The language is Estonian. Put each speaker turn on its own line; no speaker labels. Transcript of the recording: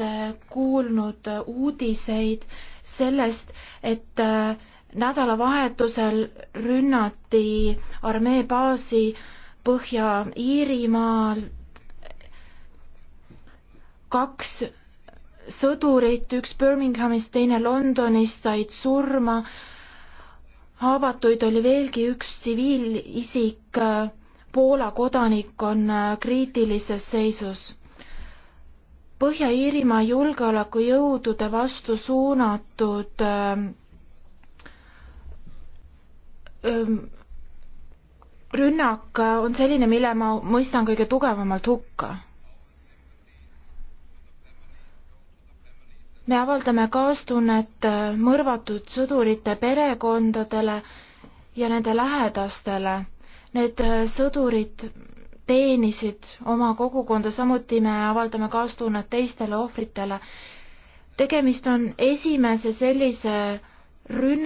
Äh, kuulnud uudiseid sellest, et äh, nädalavahetusel rünnati armee baasi Põhja-Iirimaal kaks sõdurit, üks Birminghamist, teine Londonist, said surma. haavatuid oli veelgi üks tsiviilisik, äh, Poola kodanik on kriitilises seisus Põhja-Iirimaa julgeolekujõudude vastu suunatud ähm, ähm, rünnak on selline, mille ma mõistan kõige tugevamalt hukka. me avaldame kaastunnet äh, mõrvatud sõdurite perekondadele ja nende lähedastele. Need äh, sõdurid teenisid oma kogukonda, samuti me avaldame kaastunnet teistele ohvritele. tegemist on esimese sellise rünn-,